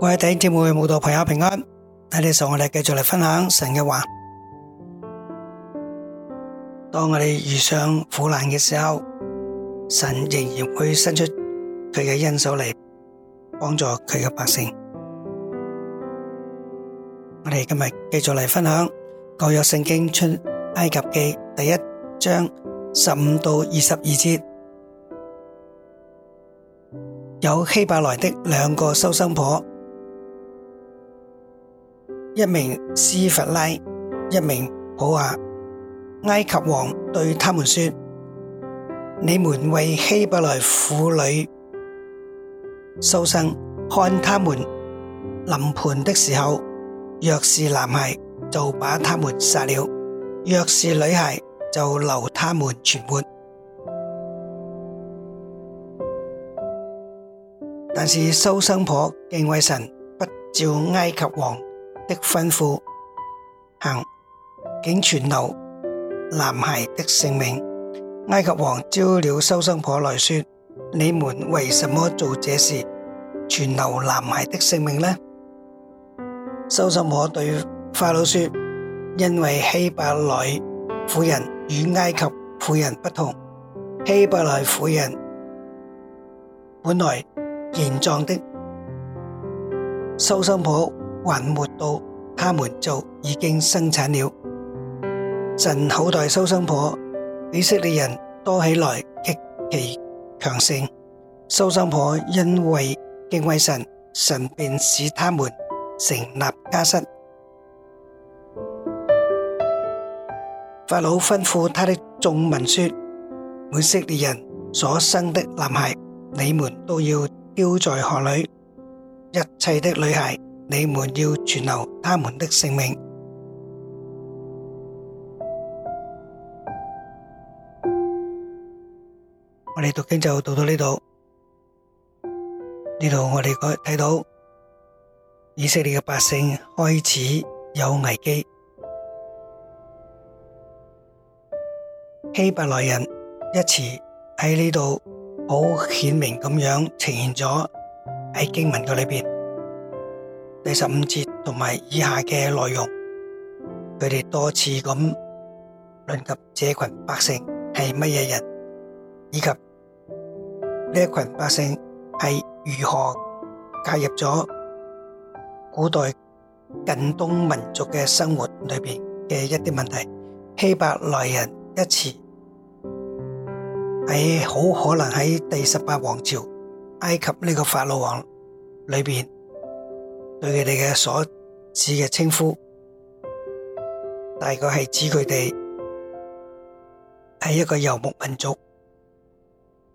各位弟兄姊妹，慕道朋友平安，喺呢度我哋繼續嚟分享神嘅話。當我哋遇上苦難嘅時候，神仍然會伸出佢嘅恩手嚟幫助佢嘅百姓。我哋今日繼續嚟分享舊約聖經出埃及記第一章十五到二十二節，有希伯來的兩個收生婆。一名斯弗拉，一名普阿。埃及王對他們說：你們為希伯來婦女收生，看他們臨盆的時候，若是男孩，就把他們殺了；若是女孩，就留他們存活。但是收生婆敬畏神，不照埃及王。的吩咐，行，竟存留男孩的性命。埃及王召了收生婆來說：你們為什麼做這事，存留男孩的性命呢？收生婆對法老說：因為希伯來婦人與埃及婦人不同，希伯來婦人本來健壯的，收生婆。還沒到，他們就已經生產了。神厚待收生婆，以色列人多起來極其強盛。收生婆因為敬畏神，神便使他們成立家室。法老吩咐他的眾民說：，以色列人所生的男孩，你們都要丟在河裏；一切的女孩。你們要存留他們的性命。我哋讀經就讀到呢度，呢度我哋睇到以色列嘅百姓開始有危機。希伯來人一詞喺呢度好顯明咁樣呈現咗喺經文嘅裏面。第十五節同埋以下嘅內容，佢哋多次咁論及這群百姓係乜嘢人，以及呢一群百姓係如何介入咗古代近東民族嘅生活裏邊嘅一啲問題。希伯來人一詞喺好可能喺第十八王朝埃及呢個法老王裏邊對佢哋嘅所指嘅稱呼，大概係指佢哋係一個游牧民族。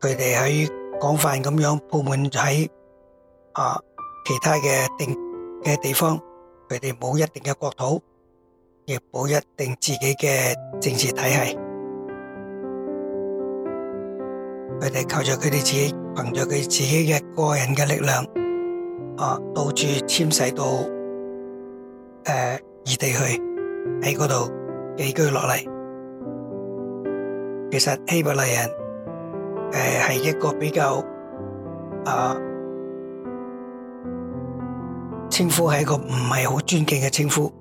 佢哋喺廣泛咁樣鋪滿喺啊其他嘅定嘅地方，佢哋冇一定嘅國土，亦冇一定自己嘅政治體系。佢哋靠住佢哋自己，憑住佢哋自己嘅個人嘅力量。啊，到處遷徙到誒異、啊、地去，喺嗰度寄居落嚟。其實希伯來人誒係、啊、一個比較啊稱呼係一個唔係好尊敬嘅稱呼。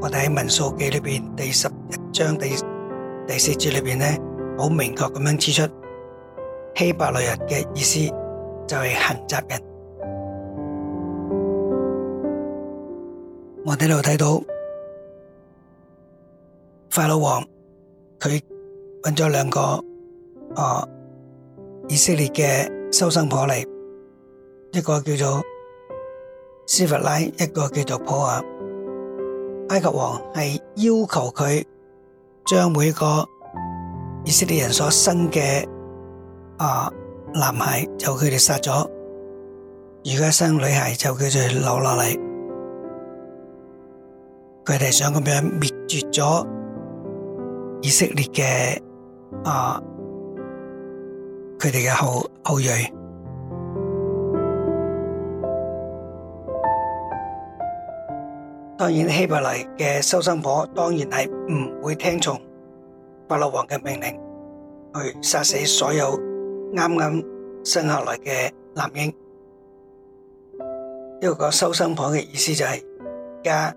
我哋喺民數記裏邊第十一章第第四節裏邊咧，好明確咁樣指出希伯來人嘅意思就係閒雜人。我喺度睇到，法老王佢搵咗兩個啊以色列嘅收生婆嚟，一個叫做斯弗拉，一個叫做普亞。埃及王係要求佢將每個以色列人所生嘅啊男孩就佢哋殺咗，如果生女孩就叫佢留落嚟。佢哋想咁樣滅絕咗以色列嘅啊，佢哋嘅後後裔。當然，希伯來嘅收生婆當然係唔會聽從法老王嘅命令去殺死所有啱啱生下來嘅男嬰。呢個收生婆嘅意思就係而家。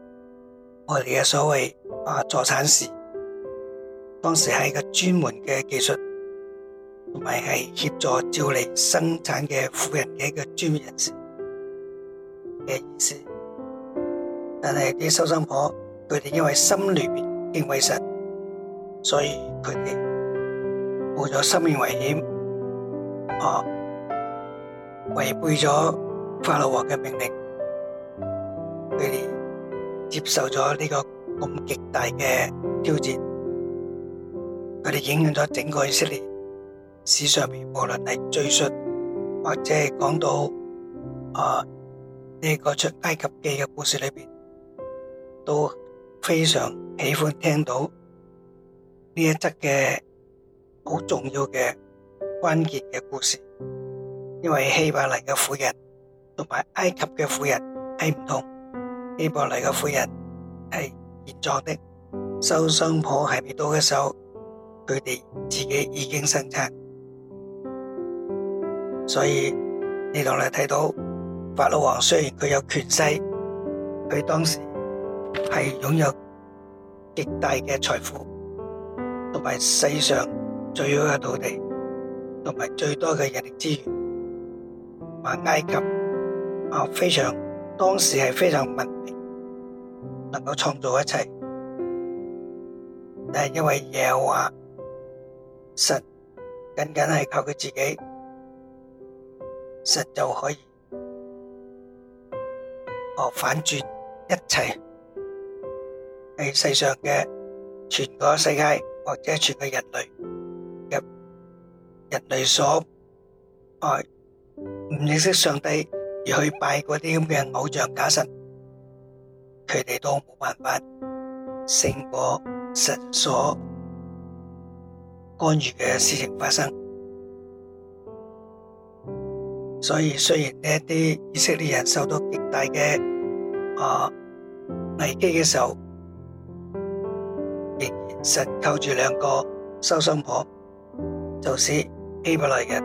我哋嘅所謂啊助產士，當時係一個專門嘅技術，同埋係協助照理生產嘅婦人嘅一個專業人士嘅意思，但係啲收生婆佢哋因為心裏邊敬畏神，所以佢哋冒咗生命危險，啊違背咗法老王嘅命令，佢哋接受咗呢個咁極大嘅挑戰，佢哋影響咗整個以色列史上面，無論係追述或者係講到啊呢個出埃及記嘅故事裏面，都非常喜歡聽到呢一則嘅好重要嘅關鍵嘅故事，因為希伯來嘅婦人同埋埃及嘅婦人係唔同。希伯來嘅夫人係健壯的，收生婆係未到嘅時候，佢哋自己已經生產。所以你同我睇到法老王雖然佢有權勢，佢當時係擁有極大嘅財富，同埋世上最好嘅土地，同埋最多嘅人力資源，啊埃及啊非常。當時係非常文明，能夠創造一切，但係因為耶和華神，僅僅係靠佢自己，神就可以哦反轉一切，喺世上嘅全個世界或者全個人類，人人類所愛，唔認識上帝，而去拜嗰啲咁嘅偶像假神，佢哋都冇辦法勝過神所干預嘅事情發生。所以雖然呢一啲以色列人受到極大嘅啊危機嘅時候，仍然神靠住兩個收生婆，就是希伯來嘅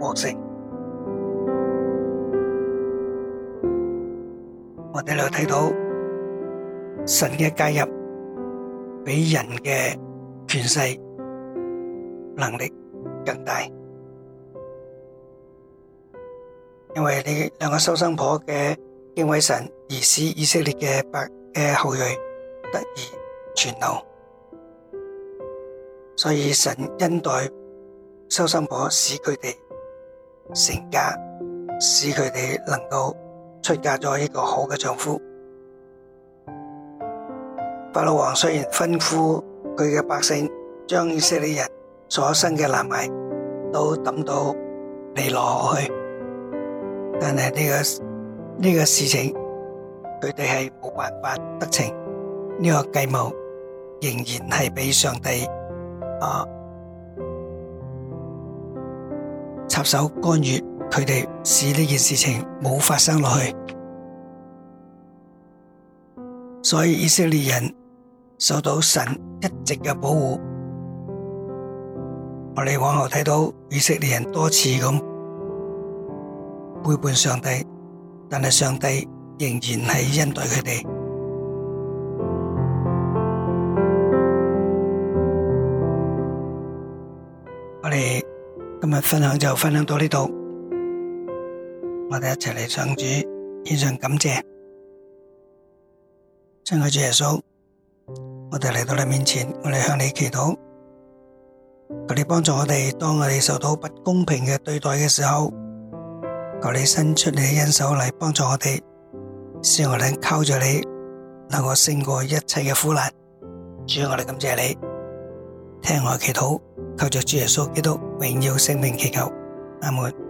國性。我哋又睇到神嘅介入，比人嘅權勢能力更大，因為呢兩個收生婆嘅敬畏神而使以色列嘅百嘅後裔得以存留，所以神恩待收生婆，使佢哋成家，使佢哋能夠。出嫁咗一個好嘅丈夫，法老王雖然吩咐佢嘅百姓將以色列人所生嘅男嬰都抌到尼羅河去，但係呢個呢個事情佢哋係冇辦法得逞，呢個計謀仍然係俾上帝啊插手干預。佢哋使呢件事情冇發生落去，所以以色列人受到神一直嘅保護。我哋往後睇到以色列人多次咁背叛上帝，但係上帝仍然係恩待佢哋。我哋今日分享就分享到呢度。我哋一齊嚟，向主獻上感謝。親愛的主耶穌，我哋嚟到你面前，我哋向你祈禱，求你幫助我哋，當我哋受到不公平嘅對待嘅時候，求你伸出你嘅恩手嚟幫助我哋，使我哋靠住你，能夠勝過一切嘅苦難。主，我哋感謝你，聽我祈禱，靠住主耶穌基督榮耀聖名祈求，阿門。